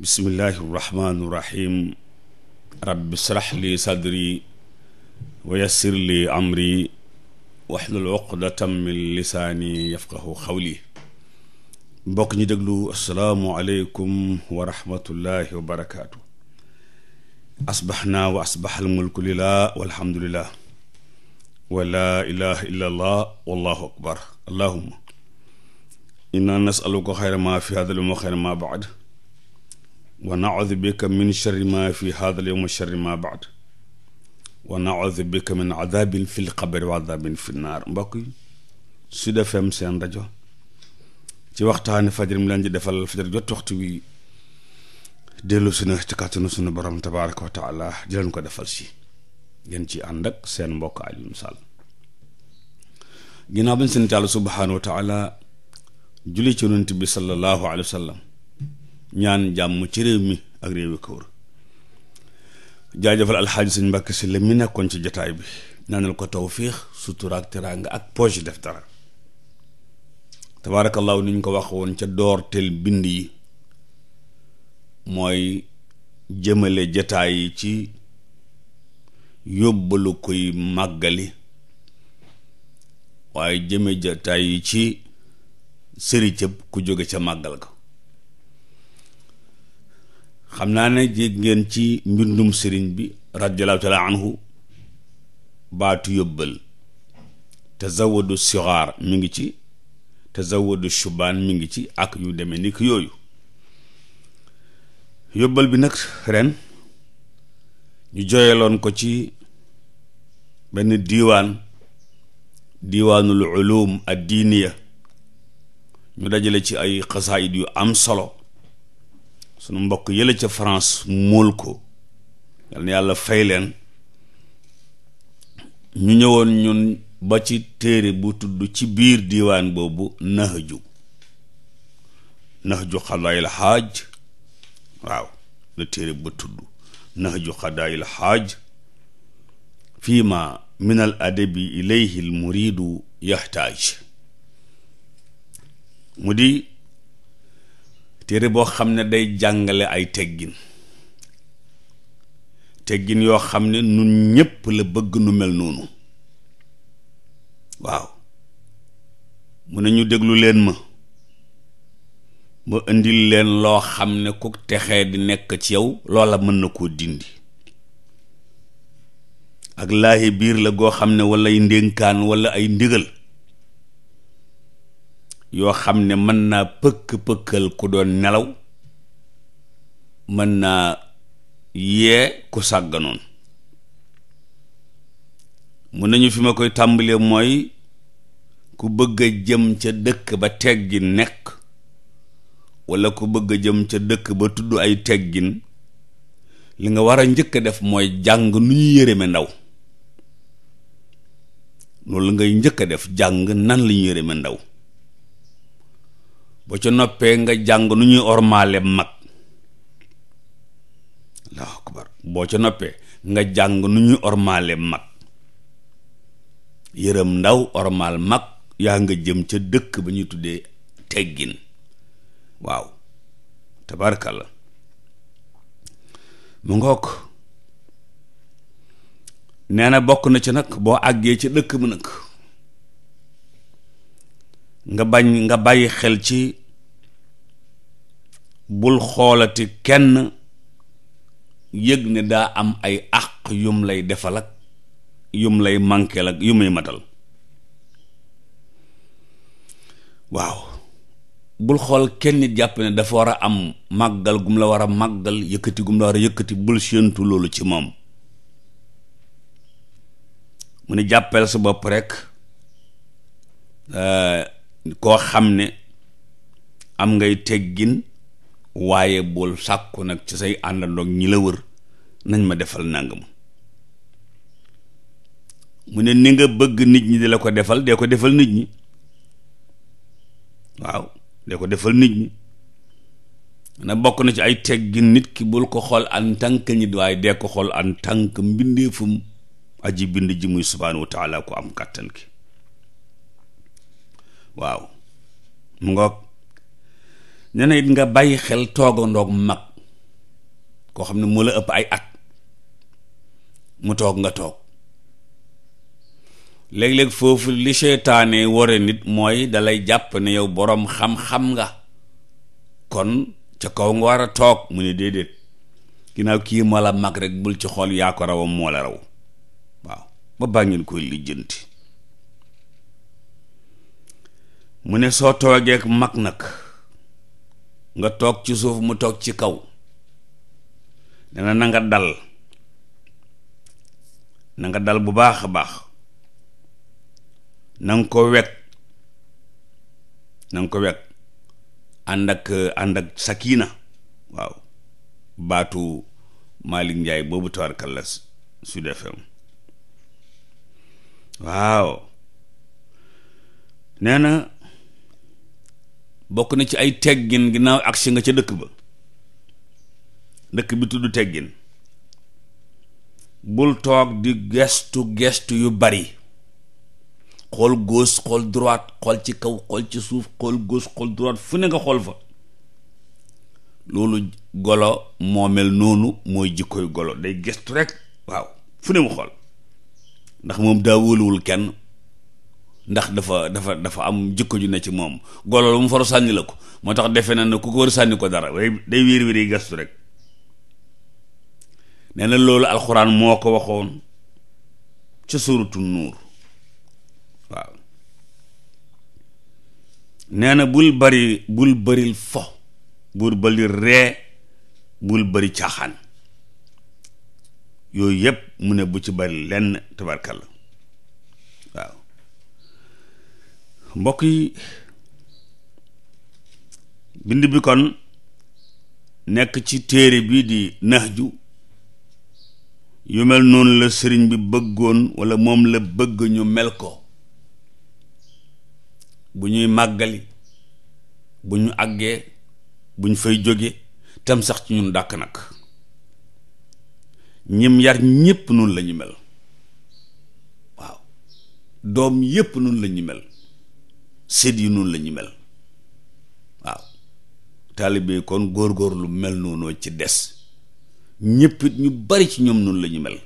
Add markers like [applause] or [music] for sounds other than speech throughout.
bismillahi irrahmani irrahim rabbi israh li sadri wa yassir li amri waxlul uqdatam min lisaani yafqahu xawli mbokk ñi déglu asalaamu aleykum wa rahmatullahi wa barakaatu asbaxnaa wa asbaxal mulku lilaa walhamdulillah wa laa ilaha illa allah wallahu akbar allahuma inna nasaluka xayra ma fi hada l yawm wa xayra ma baad wa naudu bika min sharri ma fi haadal yowm wa sharri ma baad wa naudu bika min adaabin fi lqabri wa adaabin fi naar mbokk yi Sud FM seen rajo ci waxtaani fajar mi leen di defal fajar jot waxtu wi dellu sunu ci kàttanu sunu borom tabaaraka wa taala di leen ko defal si ngeen ci ànd ak seen mbokk Alioune Sall ginnaaw bañ seen taala subhaanahu wa taala julli ci yonent bi sallallahu alayhi wa sallam ñaan jàmm ci réew mi ak réew yi ko wër alxaaji sëñ Mbàkke si la mi nekkoon ci jataay bi ñaanal ko tawfiix sutura ak teraanga ak poche def dara tabaarakallaahu ni ñu ko wax woon ca tel bind yi mooy jëmale jataay yi ci yóbbalu koy màggali waaye jëme jataay yi ci sëriñ ku jóge ca màggal ga xam naa ne jég ngeen ci mbindum sëriñ bi radiallahu taala baatu yóbbal tazawadu sigaar mi ngi ci tazawadu shubaan mi ngi ci ak yu deme ni ki yooyu yóbbal bi nag ren ñu joyaloon ko ci benn diiwaan diiwaanul ulum ad diiniya ñu dajale ci ay xasaayid yu am solo sunu mbokk yële ca France móol ko yal na yàlla fay leen ñu ñëwoon ñun ba ci téere bu tudd ci biir diiwaan boobu nahju nahju xadaayil xaaj waaw la téere ba tudd nahju xadaayil xaaj fii ma min al adabi ilayhi al mu di téere boo xam ne day jàngale ay teggin teggin yoo xam ne nun ñépp la bëgg nu mel noonu waaw mu ne ñu déglu leen ma ma indil leen loo xam ne ku texee di nekk ci yow loola mën na koo dindi ak laahi biir la goo xam ne wala ay ndénkaan wala ay ndigal yoo xam ne mën naa pëkk-pëkkal ku doon nelaw mën naa yee ku sàgganoon mun nañu fi ma koy tàmbalee mooy ku bëgg jëm ca dëkk ba teggin nekk walla ku bëgg a jëm ca dëkk ba tudd ay teggin li nga war a njëkk def mooy jàng nu ñu yërëme ndaw loolu ngay njëkk def jàng nan la ñu yërëme ndaw ba ca noppee boo ca noppee nga jàng nu ñuy ormaale mag yërëm ndaw ormal mag yaa nga jëm ca dëkk ba ñu tuddee teggin waaw tabarkalla mu ngook nee na bokk na ci nag boo àggee ca dëkk ba nag nga nga bàyyi xel ci bul xoolati kenn yëg ne daa am ay àq yum lay defal ak yum lay mànkeel ak yu matal waaw bul xool kenn nit jàpp ne dafa war a am màggal gum la war a màggal yëkkati gum la war a yëkkati bul séentu loolu ci moom mu ne jàppeel sa bopp rekk euh, koo xam ne am ngay teggin waaye bul sàkku nag ci say àndandoog ñi la wër nañ ma defal nangam mu ne ni nga bëgg nit ñi di la ko defal dee ko defal nit ñi waaw dee ko defal nit ñi na bokk na ci ay teggin nit ki bul ko xool en tant que waaye dee ko xool en tant mbindeefum aji bind ji muy subhaanahu wa ko am kàttan ki waaw mu ngoog nee na nga bàyyi xel toogandoog mag koo xam ne moo la ëpp ay at mu toog nga toog léeg-léeg foofu li seytaane ware nit mooy dalay jàpp ne yow boroom xam-xam nga kon ca kaw nga war a toog mu ne déedéet ginnaaw kii moo la mag rek bul ci xool yaa ko rawam moo la raw waaw ba bàngeen koy lijjanti mu ne soo toogeek mag nag nga toog ci suuf mu toog ci kaw dana nanga dal nanga dal bu baax a baax na nga ko wekk na ko wekk ànd ak ànd ak sakina waaw baatu Malick njaay boobu tawarkalla Sud FM waaw nee bokk na ci ay teggin ginaaw agsi nga ca dëkk ba dëkk bi tudd teggin bul toog di gestu gestu yu bari xool gauche xool droite xool ci kaw xool ci suuf xool gauche xool droite fu ne nga xool fa loolu golo moo mel noonu mooy jikkoy golo day gestu rek waaw fu ne mu xool ndax moom daa wóoluwul kenn ndax dafa dafa dafa am jikko ju ne ci moom golo lu mu faru sànni la ko moo tax defe na ne ku ko war sànni ko dara way day wiir wiir yi gastu rek nee na loolu alxuraan moo ko waxoon ca suuratu nuur waaw nee na bul bari bul baril fo bul bari ree bul bari caaxaan yooyu yëpp mu ne bu ci bari lenn la mbokk yi bind bi kon nekk ci téere bi di ju yu mel noonu la sëriñ bi bëggoon walla moom la bëgg ñu mel ko bu ñuy màggali bu ñu àggee bu ñu fay jóge tam sax ci ñun dàkk nag ñim yar ñépp noonu lañu mel waaw doom yépp noonu la ñu mel sët yi noonu la mel waaw taalibe kon góor góorlu mel noonu ci des ñëpp ñu bari ci ñoom noonu la ñu mel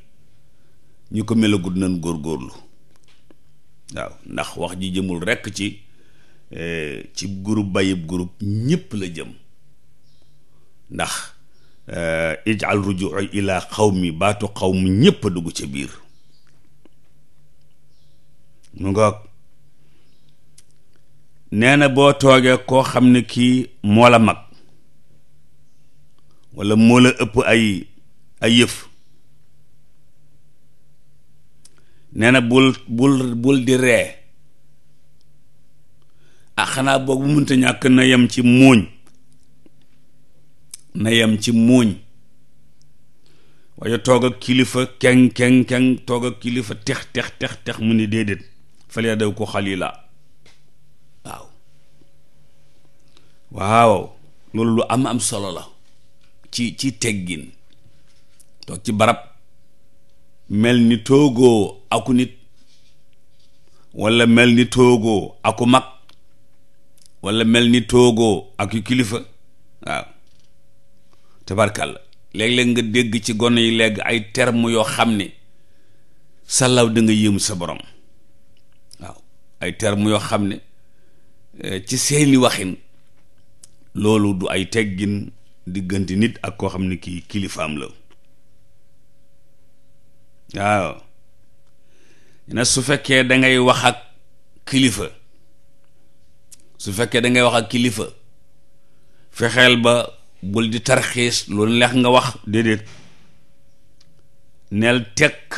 ñu ko melagut nañ góorgóorlu waaw ndax wax ji jëmul rekk ci eh, ci groupe bayib groupe ñëpp la jëm ndax eh, ijal rujuu xaw mi baatu xawmi ñëpp a dugg ca biir mu nga nee na boo toogee koo xam ne kii moo la mag walla moo la ëpp ay ay yëf nee bul bul bul di ree ah xanaa boog bu mënta ñàkk na yem ci muuñ na yem ci muuñ waaye toog ak kilifa keng keng keng toog ak kilifa tex tex tex tex mu ni déedéet fale daw ko xalila waaw loolu lu am am solo la ci ci teggin toog ci barab mel ni toogoo aku nit walla mel ni toogoo aku mag walla mel ni toogoo aku kilifa waaw tabarkàlla léeg-léeg nga dégg ci gone yi léegi ay terme yoo xam ne sàllaw da nga yéem sa borom waaw ay terme yoo xam ne eh, ci seeni waxin loolu du ay teggin diggante nit ak koo xam ne kii kilifaam la waaw ne su fekkee dangay wax ak kilifa su fekkee da ngay wax ak kilifa fexeel ba bul di tarxiis lu leex nga wax déedéet nel tekk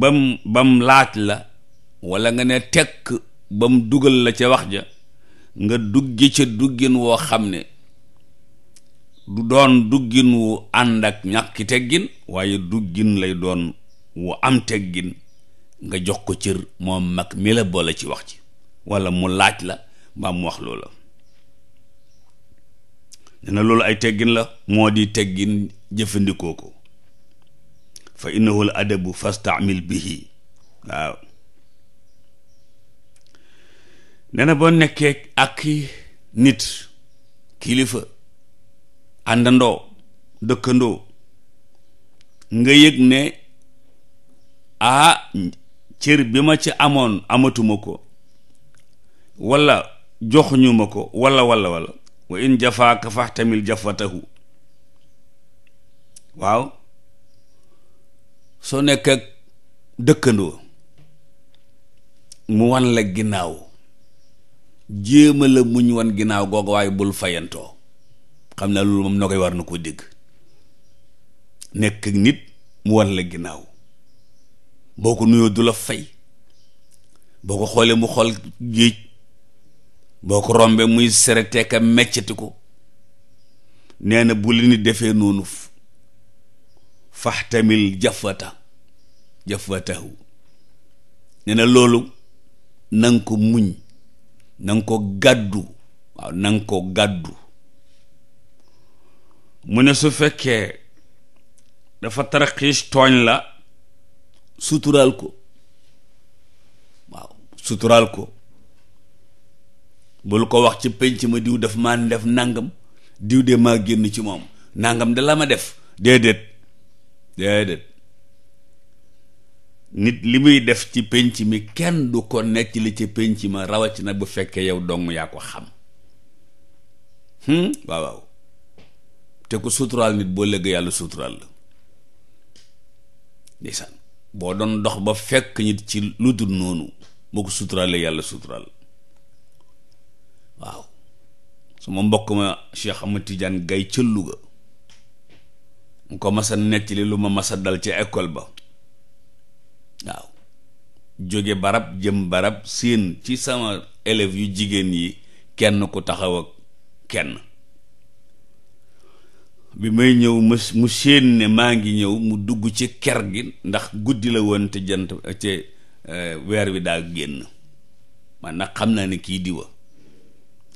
bam bam laaj la walla nga ne tekk bam dugal la ca wax ja nga dugge ca duggin woo xam ne du doon duggin wu ànd ak ñàkki teggin waaye duggin lay doon wu am teggin nga jox ko cër moom mag mi la ci wax ci walla mu laaj la mbaa mu wax loola nee na loolu ay teggin la moo di teggin jëfandikoo ko fa innahu al adabu fastamil bihi waaw nee na boo nekkee ak nit kilifa àndandoo dëkkandoo nga yëg ne ah cër bi ma ci amoon amatuma ko wala joxuñu ma ko wala wala wala wa in jafaaka faxtamil jafatahu waaw soo nekk dëkkandoo mu wan la ginnaaw jéema la muñ wan ginnaaw googu waaye bul fayantoo xam naa loolu moom noo koy war na koo dégg nekk nit mu wan la ginnaaw boo ko nuyoo du la fay boo ko xoolee mu xol géej boo ko rombee muy serete ka meccati ko nee na bu li ni defee noonu faxtamil jafata jafatahu nee na loolu nan ko muñ nanga nga ko gàddu waaw na ko gàddu mu ne su fekkee dafa taraxiis tooñ la suturaal ko waaw suturaal ko bul ko wax ci penc ma diw dafa maa def nangam diw de maa génn ci moom nangam de la ma def déedéet déedéet nit li muy def ci pénc mi kenn du ko nekk li ca pénc ma rawatina bu fekkee yow dong yaa ko xam hmm? waaw waaw te ku suturaal nit boo lëgg yàlla suturaal la ndeysaan boo doon dox ba fekk nit ci lu dul noonu boo ko yàlla suturaal waaw mbokk ma Cheikh Ahmad Tidiane Gaye mu ko masa nettali lu ma masa dal ci école ba waaw jóge barab jëm barab seen ci sama élèves yu jigéen yi kenn ku taxaw ak kenn bi may ñëw ma mu séen ne maa ngi ñëw mu dugg ci ker gi ndax guddi la woon te jant te eh, weer wi daal génn man nag xam naa ni kii diwa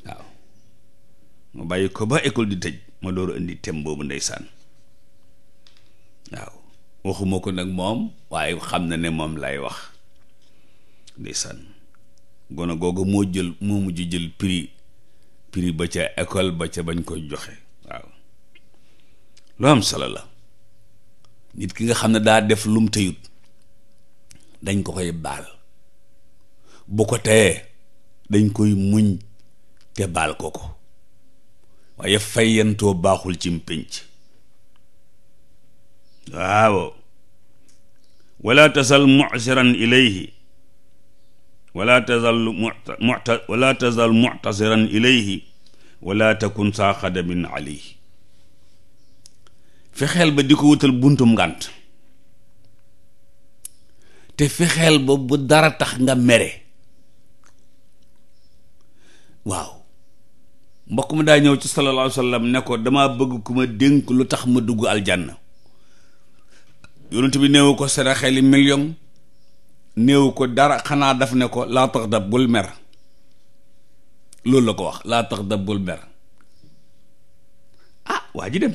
waaw ma bàyyi ko ba école di tëj ma door indi thème boobu ndeysaan waaw waxuma ko nag moom waaye xam na ne moom lay wax ndeysaan gone googu moo jël moo mujj jël prix prix ba ca école ba ca bañ koy joxe lu am solo la nit ki nga xam ne daa def lum teyut dañ ko koy baal bu ko teyee dañ koy muñ te baal ko ko waaye fayantoo baaxul ci mpénc waaw wala tasal mucsiran ilayhi wala tazal muta wala wala takun saa xadamin alayhi fexeel ba di ko wutal buntum ngànt te fexeel ba bu dara tax nga mere waaw mbokk mu daa ñëw ci sallallahu alayhi wa ne ko dama bëgg ku ma dénk lu tax ma dugg aljanna yonent bi néewu ko saraxeli million néewu ko dara xanaa daf ne ko laa tax dab bul mer loolu la ko wax laa tax dab bul mer ah waa ji dem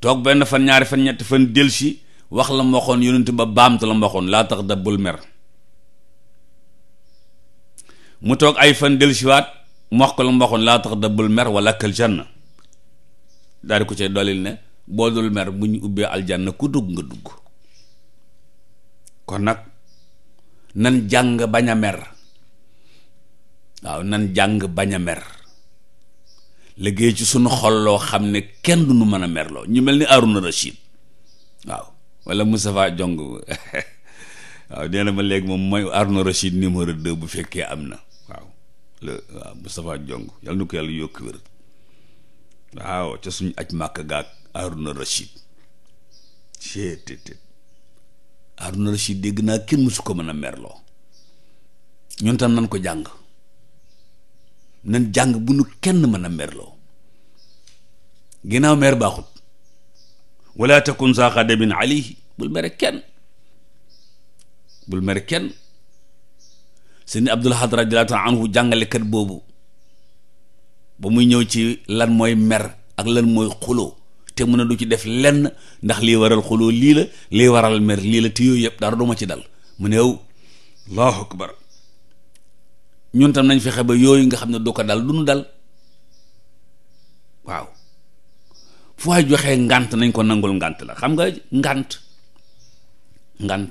toog benn fan ñaari fan ñetti fan delsi wax la ma waxoon yonent ba baamtu la ma laa tax dab bul mer mu toog ay fan delsiwaat mu wax ko la ma laa tax dab bul mer wala kal janna daal di ko cay dolil ne boo dul mer bu ñu ubbee aljanna ku dugg nga dugg kon nag nan jàng bañ a mer waaw nan jàng bañ a mer liggéey ci sunu xol loo xam ne kenn du nu mën a merloo ñu mel ni Aruna Rachid waaw walla Moustapha Jong [laughs] waaw nee na ma léegi moom mooy Aruna Rachid numéro 2 bu fekkee am na waaw le waaw Moustapha Jong yàlla na ko yàlla yokk wér waaw ca suñu aj màkk gaag Haruna Rachid dégg naa kenn mësu ko mën a merloo ñun tam nan ko jàng nan jàng bu nu kenn mën a merloo ginnaaw mer baaxut wala takun saa xadabin alayhi bul mere kenn bul mere kenn sëñ Abdul Ahad radiyallahu anhu jàngalekat boobu ba muy ñëw ci lan mooy mer ak lan mooy xuloo te mën a du ci def lenn ndax lii waral xuloo lii la lii waral mer lii la te yooyu yëpp dara du ma ci dal mu ne yow allahu akbar ñun tam nañ fexe ba yooyu nga xam ne du ko dal du nu dal waaw fu waay joxee ngànt nañ ko nangul ngant la xam nga ngant ngant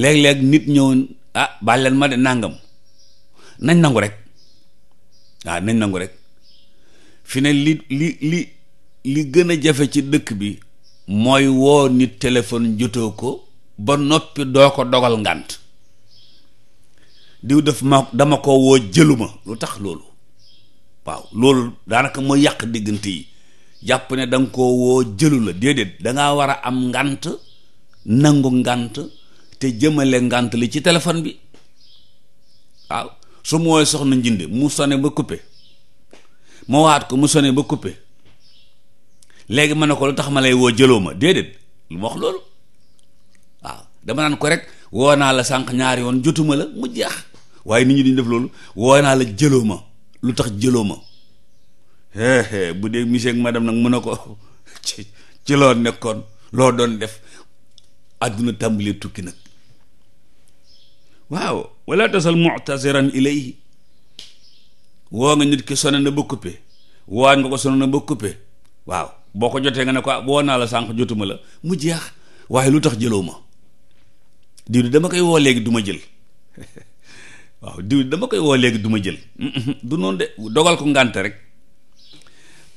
léeg-léeg nit ñëw ah baal leen ma de nàngam nañ nangu rek waaw nañ nangu rek fi ne li li li li gën a jafe ci dëkk bi mooy woo nit téléphone jotoo ko ba noppi doo ko dogal ngànt diw def ma dama ko woo jëluma lu tax loolu waaw loolu daanaka mooy yàq diggante yi jàpp ne danga ko woo jëlu la déedéet dangaa war a am ngànt nangu ngànt te jëmale ngànt li ci téléphone bi waaw su ma soxna njinde mu sone ba coupé ma waat ko mu sone ba coupé léegi ma ne ko lu tax ma lay woo jëloo ma déedéet lu ma wax loolu waaw dama naan ko rek woo naa la sànq ñaari yoon jotuma la mu jeex waaye nit ñi duñ def loolu woo naa la jëloo ma lu tax jëloo ma hee bu dee monsieur ma dem nag mun na ko [laughs] ci loo nekkoon loo doon def àdduna tàmbalee tukki nag waaw walla tasal mu'taziran ilayhi woo nga nit ki sone na ba coupé woo nga ko sone na ba coupé waaw boo ko jotee nga ne ko ah, woo naa la sànq jotuma la mu jeex waaye lu tax jëloo ma diw di dama koy woo léegi duma jël [laughs] waaw diw dama koy woo léegi du jël du noonu de dogal ko ngànte rek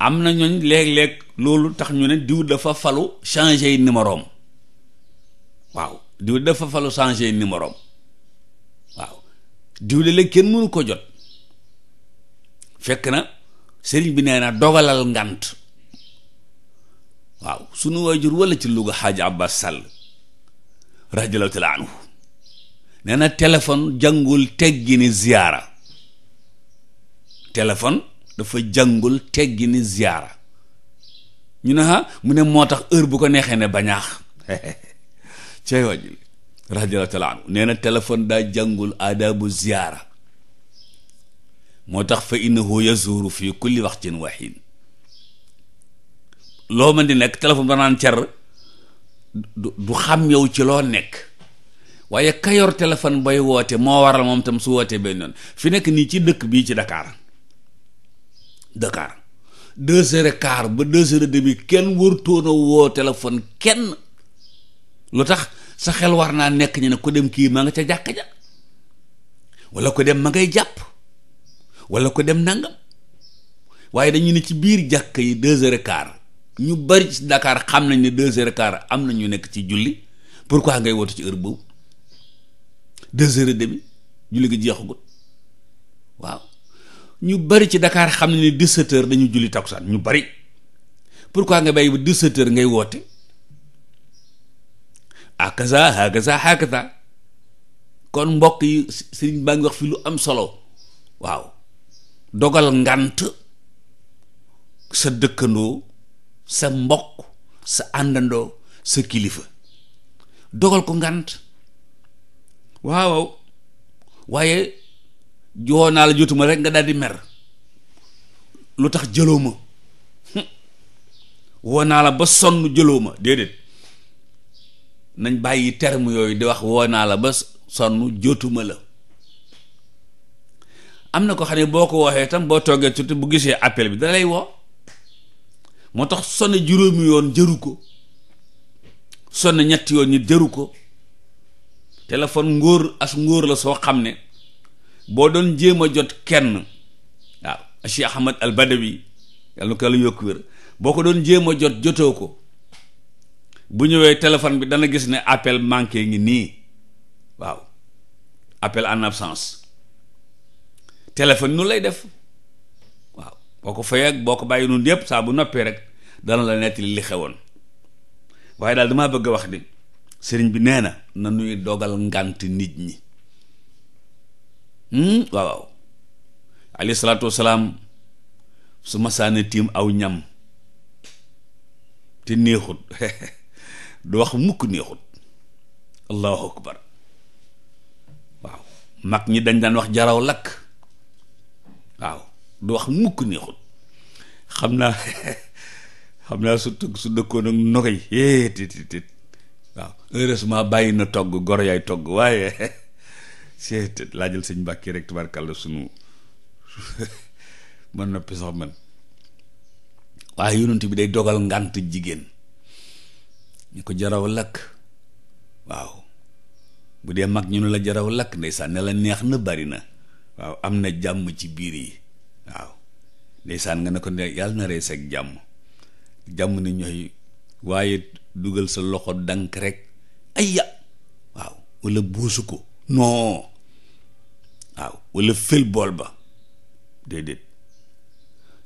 am na ñooñ léeg-léeg loolu tax ñu ne diw dafa falu changé numéroom waaw diw dafa changé numéroom waaw diw de léegi kenn mënu ko jot fekk na sëriñ bi nee na dogalal ngànt waaw sunu waajur walla ci Louga xaaji Abbas Sall radiyallahu taala anhu nee na téléphone jàngul ziyaara téléphone dafa jàngul teggini ziyaara ñu ne ha mu ne moo tax heure bu ko neexee ne bañaax [laughs] cey waajur radiyallahu taala anhu nee na téléphone daa jàngul aadabu ziyaara moo tax fa innahu yazuru fi kulli waqtin wahin loo mën di nekk téléphone ba naan car du xam yow ci loo nekk waaye ka yor téléphone bay woote moo waral moom tam su wootee benn yoon fi nekk nii ci dëkk bii ci Dakar Dakar deux heures et ba deux heures et demi kenn wërtoon a woo téléphone kenn lu tax sa xel war naa nekk ñu ne ko dem kii maa nga ca jàkka ja wala ko dem ma ngay jàpp wala ko dem nangam waaye dañu ne ci biir jàkk yi deux heures et ñu bari ci Dakar xam nañ ne deux heures et am na ñu nekk ci julli quoi ngay woote ci heure boobu deux heures et demi julli gi jeexagut waaw ñu bari ci dakaar xam nañ ne dix-sept heures dañu julli takkusaan ñu bari pour pourquoi nga bàyyi ba dix-sept ngay woote akaza hakaza hakaza kon mbokk yi sëriñ baa ngi wax fi lu am solo waaw dogal ngant sa dëkkandoo sa mbokk sa àndandoo sa kilifa dogal ko ngant waaw waaye joo naa la jotuma rek nga daal di mer lu tax jëloo ma woo naa la ba sonn jëloo ma déedéet nañ bàyyi terme yooyu di wax woo naa la ba sonn jotuma la am na ko xam ne boo ko waxee tam boo toogee tuuti bu gisee appel bi da lay moo tax sonne juróomi yoon jëru ko sonn ñetti yoon ñi jëru ko téléphone ngóor as ngóor la soo xam ne boo doon jéem a jot kenn waaw Cheikh Ahmad al Badawi yàlla na yokk wér boo ko doon jéem a jot jotoo ko bu ñëwee téléphone bi dana gis ne appel manqué ngi nii waaw appel en absence téléphone nu lay def boo ko fayee boo ko bàyyi noonu yépp saa bu noppee rek dana la nettali li xewoon waaye daal damaa bëgg a wax ni sëriñ bi nee na na nuy dogal ngànt nit ñi hmm? waaw waaw alayhi salaatu wasalaam su masaana tiim aw ñam te néexut [laughs] du wax mukk néexut allahu akbar waaw mag ñi dañ daan wax jaraw lakk waaw du wax mukk neexut xam naa xam naa su su dëkkoon ak nogay yee eh, tit tit waaw bàyyi na togg goro yaay togg waaye [laughs] seet laajal sëñ Mbàkke rek tubaarkàlla sunu man [laughs] noppi sax man waaye yonent bi day dogal ngànt jigéen ñu ko jaraw lakk waaw bu dee mag ñu ne la jaraw lakk ndeysaan ne la neex na bari na waaw am na jàmm ci biir yi waaw ndeysaan nga ne ko ne yàlla na rees ak jàmm jàmm ni ñooy waaye dugal sa loxo dank rek ayya waaw wala buusu ko non waaw wala fël bool ba déedéet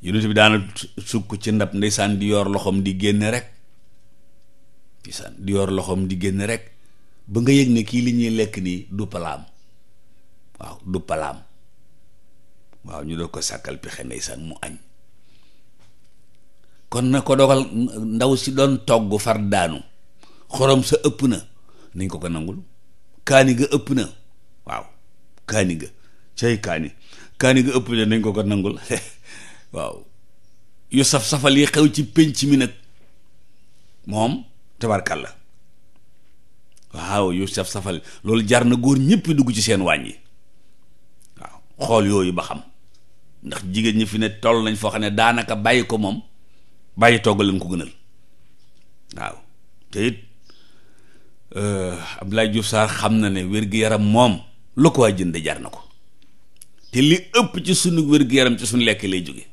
yonent bi daana sukk ci ndab ndeysaan di yor loxoom di génn rek ndeysaan di loxoom di génn rek ba nga yëg ne kii li ñuy lekk nii du palaam waaw du palaam waaw ñu doo ko sàkkal pexe ndeysaan mu añ kon na ko dogal ndaw si doon togg far daanu xorom sa ëpp na nañ ko ko nangul kaani ga ëpp na waaw kaani ga cay kaani kaani ga ëpp na nañ ko ko nangul [laughs] waaw yu saf-safal yi xew ci pénc mi nag moom tabarkalla waaw yu saf-safal loolu jar na góor ñëpp dugg ci seen wàññi waaw xool yooyu ba xam ndax jigéen ñi fi ne toll nañ foo xam ne daanaka bàyyi ko moom bàyyi togg leen ko gënal waaw te it euh, Abdoulaye Diouf Sarr xam na ne wér-gu-yaram moom lu ko waa jënd jar na ko te li ëpp ci sunu wér-gu-yaram ci sunu lekk lay jóge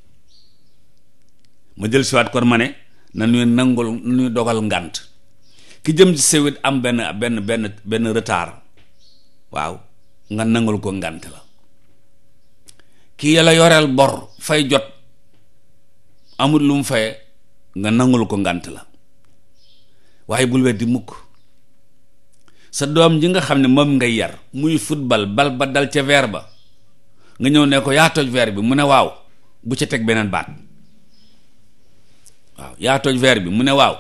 ma jël siwaat kon ma ne na ñuy nangul na ñuy dogal ngànt ki jëm ci sewit am benn benn benn benn retard waaw nga nangul ko ngànt la kii la yoreel bor fay jot amul lu mu faye nga nangul ko ngant la waaye bul di mukk sa doom ji nga xam ne moom ngay yar muy futbal bal ba dal ca veer ba nga ñëw ne ko yaa toj veer bi mu ne waaw bu ca teg beneen baat waaw yaa toj bi mu ne waaw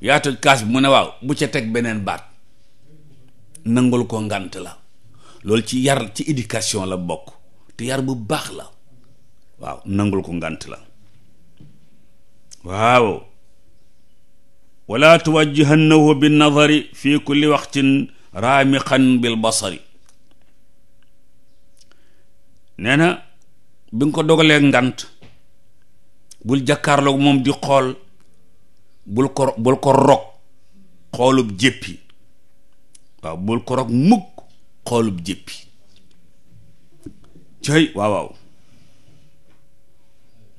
yaa kaas bi mu ne waaw bu ca teg beneen baat nangul ko ngànt la loolu ci yar ci éducation la bokk te yar bu baax la waaw nangul ko ngant la waaw wala tuwajjihannahu bi nazari fi kulli waxtin raamiqan bil basari nee na bi ko dogalee ngant bul jàkkaarloog moom di xool bul ko bul ko rog xoolub jéppi waaw bul ko rog mukk xoolub jéppi cëy waaw waaw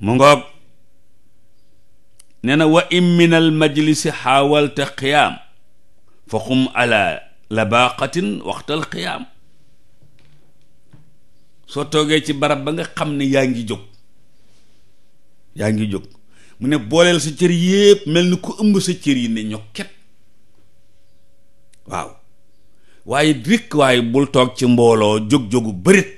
mu ngoog nee wa imminal min al majlisi xaawalta xiyaam fa xum ala labaqatin waxtal xiyaam soo toogee ci barab ba nga xam ne yaa ngi jóg yaa ngi jóg mu ne booleel sa cër yépp mel ni ku ëmb sa cër yi ne ñokket waaw waaye rikk waaye bul toog ci mbooloo jóg-jógu bërit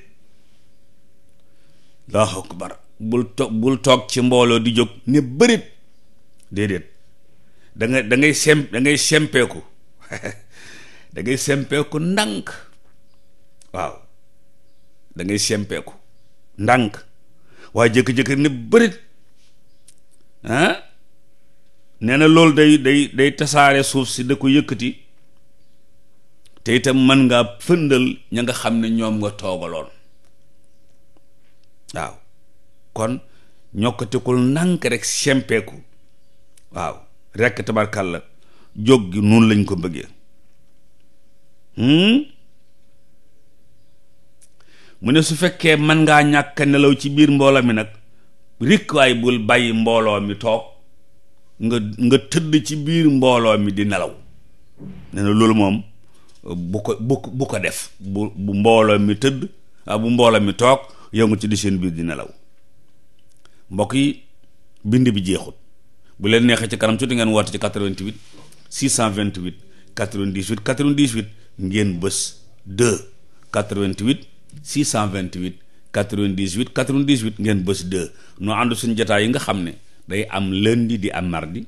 allahu akbar bul toog bul toog ci mbooloo di jóg ne bërit déedéet da nga da ngay sem da ngay sempeeku [laughs] dangay ngay sempeeku ndànk waaw dangay ngay sempeeku ndànk waaye jëkk-jëkk ne bërit ah nee na loolu day day day tasaare suuf si da ko yëkkati te itam mën ngaa fëndal ña nga xam ne ñoom nga toogaloon waaw kon ñokkatikul nànk rek sempeeku waaw rekk tabarkal la jóg gi noonu lañ ko bëggee hmm? mu ne su fekkee mën ngaa ñàkk nelaw ci biir mbooloo mi nag rikk waay bul bàyyi mbooloo mi toog nga nga tëdd ci biir mbooloo mi di nelaw nee loolu moom bu ko bu ko def bu bu mbooloo mi tëdd ah, bu mbooloo mi toog yow nga tëdd seen biir di nelaw mbokk yi bind bi jeexut bu leen neexee ci kanam tuuti ngeen woote ci 88 628 98 98 ngeen bës 2 88 628 98 98 ngeen bës 2 noo ànd suñu jotaay yi nga xam ne day am lundi di am mardi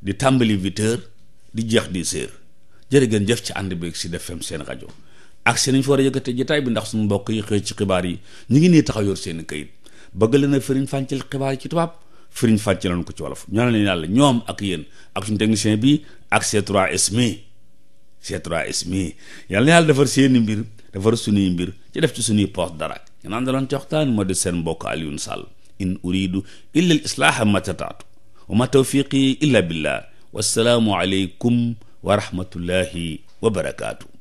di tàmbali 8 di jeex 10h jërë ngeen jëf ci ànd beeg si Sud FM seen rajo. ak seen nañ fa war a yëkkate bi ndax suñu mbokk yi xëy ci xibaar yi ngi nii taxaw yor seen kayit bëgg leen a firiñ fàncal xibaar yi ci tubaab firiñ fàncaloon ko ci wolof ñaan leen yàlla ñoom ak yéen ak suñu technicien bi ak C3S mi C3S mi yàlla na yàlla defar seeni mbir defar suñuy mbir ci def ci suñuy poste dara ñu naan daloon ci waxtaan moo di seen mbokk Alioune Sall in uridu illa al islaaha ma tataatu wa ma tawfiqi illa billah wassalaamu aleykum wa rahmatullahi wa barakaatu